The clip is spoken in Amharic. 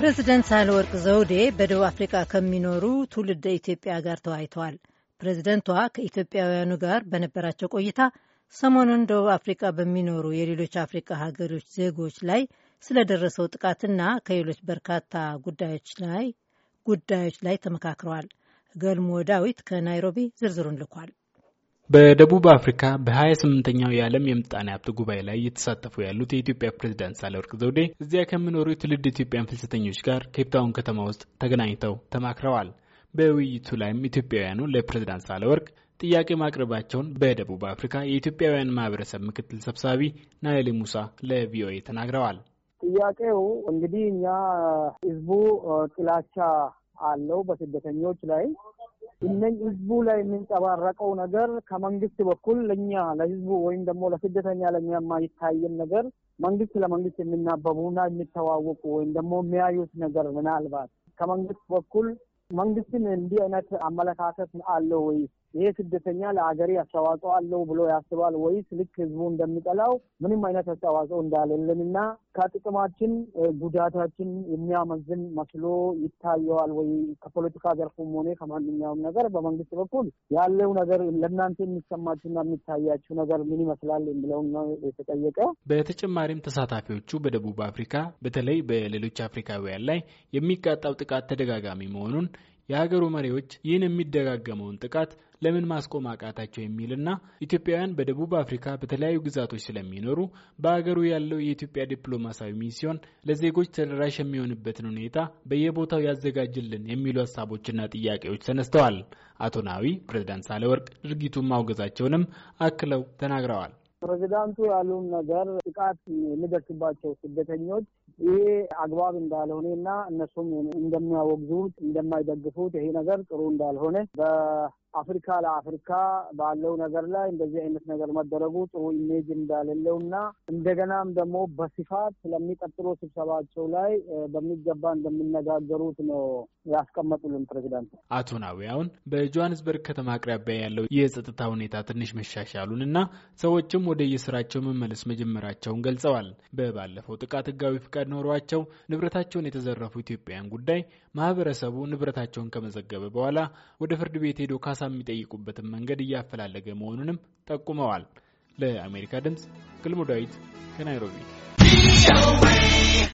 ፕሬዚደንት ሳህለወርቅ ዘውዴ በደቡብ አፍሪካ ከሚኖሩ ትውልደ ኢትዮጵያ ጋር ተወያይተዋል። ፕሬዚደንቷ ከኢትዮጵያውያኑ ጋር በነበራቸው ቆይታ ሰሞኑን ደቡብ አፍሪካ በሚኖሩ የሌሎች አፍሪካ ሀገሮች ዜጎች ላይ ስለደረሰው ጥቃትና ከሌሎች በርካታ ጉዳዮች ላይ ጉዳዮች ላይ ተመካክረዋል። ገልሞ ዳዊት ከናይሮቢ ዝርዝሩን ልኳል። በደቡብ አፍሪካ በ28ኛው የዓለም የምጣኔ ሀብት ጉባኤ ላይ እየተሳተፉ ያሉት የኢትዮጵያ ፕሬዝዳንት ሳለወርቅ ዘውዴ እዚያ ከሚኖሩ የትውልድ ኢትዮጵያን ፍልሰተኞች ጋር ኬፕታውን ከተማ ውስጥ ተገናኝተው ተማክረዋል። በውይይቱ ላይም ኢትዮጵያውያኑ ለፕሬዝዳንት ሳለወርቅ ጥያቄ ማቅረባቸውን በደቡብ አፍሪካ የኢትዮጵያውያን ማህበረሰብ ምክትል ሰብሳቢ ናይሌ ሙሳ ለቪኦኤ ተናግረዋል። ጥያቄው እንግዲህ እኛ ህዝቡ ጥላቻ አለው በስደተኞች ላይ እነኝ ህዝቡ ላይ የሚንጸባረቀው ነገር ከመንግስት በኩል ለእኛ ለህዝቡ ወይም ደግሞ ለስደተኛ ለእኛ የማይታየን ነገር መንግስት ለመንግስት የሚናበቡና የሚተዋወቁ ወይም ደግሞ የሚያዩት ነገር ምናልባት ከመንግስት በኩል መንግስትን እንዲህ አይነት አመለካከት አለው ወይ ይሄ ስደተኛ ለአገሬ አስተዋጽኦ አለው ብሎ ያስባል ወይስ ልክ ህዝቡ እንደሚጠላው ምንም አይነት አስተዋጽኦ እንዳለልንና ከጥቅማችን ጉዳታችን የሚያመዝን መስሎ ይታየዋል ወይ? ከፖለቲካ ዘርፉም ሆነ ከማንኛውም ነገር በመንግስት በኩል ያለው ነገር ለእናንተ የሚሰማችሁና የሚታያችሁ ነገር ምን ይመስላል የሚለው ነው የተጠየቀ። በተጨማሪም ተሳታፊዎቹ በደቡብ አፍሪካ በተለይ በሌሎች አፍሪካውያን ላይ የሚቃጣው ጥቃት ተደጋጋሚ መሆኑን የሀገሩ መሪዎች ይህን የሚደጋገመውን ጥቃት ለምን ማስቆም አቃታቸው የሚልና ኢትዮጵያውያን በደቡብ አፍሪካ በተለያዩ ግዛቶች ስለሚኖሩ በሀገሩ ያለው የኢትዮጵያ ዲፕሎማሲያዊ ሚስዮን ለዜጎች ተደራሽ የሚሆንበትን ሁኔታ በየቦታው ያዘጋጅልን የሚሉ ሀሳቦችና ጥያቄዎች ተነስተዋል። አቶ ናዊ ፕሬዝዳንት ሳለወርቅ ድርጊቱን ማውገዛቸውንም አክለው ተናግረዋል። ፕሬዚዳንቱ ያሉን ነገር ጥቃት የሚደርስባቸው ስደተኞች ይሄ አግባብ እንዳልሆነና እነሱም እንደሚያወግዙት እንደማይደግፉት ይሄ ነገር ጥሩ እንዳልሆነ አፍሪካ ለአፍሪካ ባለው ነገር ላይ እንደዚህ አይነት ነገር መደረጉ ጥሩ ኢሜጅ እንዳሌለው እና እንደገናም ደግሞ በስፋት ስለሚቀጥለው ስብሰባቸው ላይ በሚገባ እንደሚነጋገሩት ነው ያስቀመጡልን ፕሬዚዳንት አቶ አሁን በጆሀንስበርግ ከተማ አቅራቢያ ያለው የጸጥታ ሁኔታ ትንሽ መሻሻሉን እና ሰዎችም ወደ የስራቸው መመለስ መጀመራቸውን ገልጸዋል። በባለፈው ጥቃት ህጋዊ ፍቃድ ኖሯቸው ንብረታቸውን የተዘረፉ ኢትዮጵያውያን ጉዳይ ማህበረሰቡ ንብረታቸውን ከመዘገበ በኋላ ወደ ፍርድ ቤት ሄዶ ካሳ የሚጠይቁበትን መንገድ እያፈላለገ መሆኑንም ጠቁመዋል። ለአሜሪካ ድምፅ ገልሞ ዳዊት ከናይሮቢ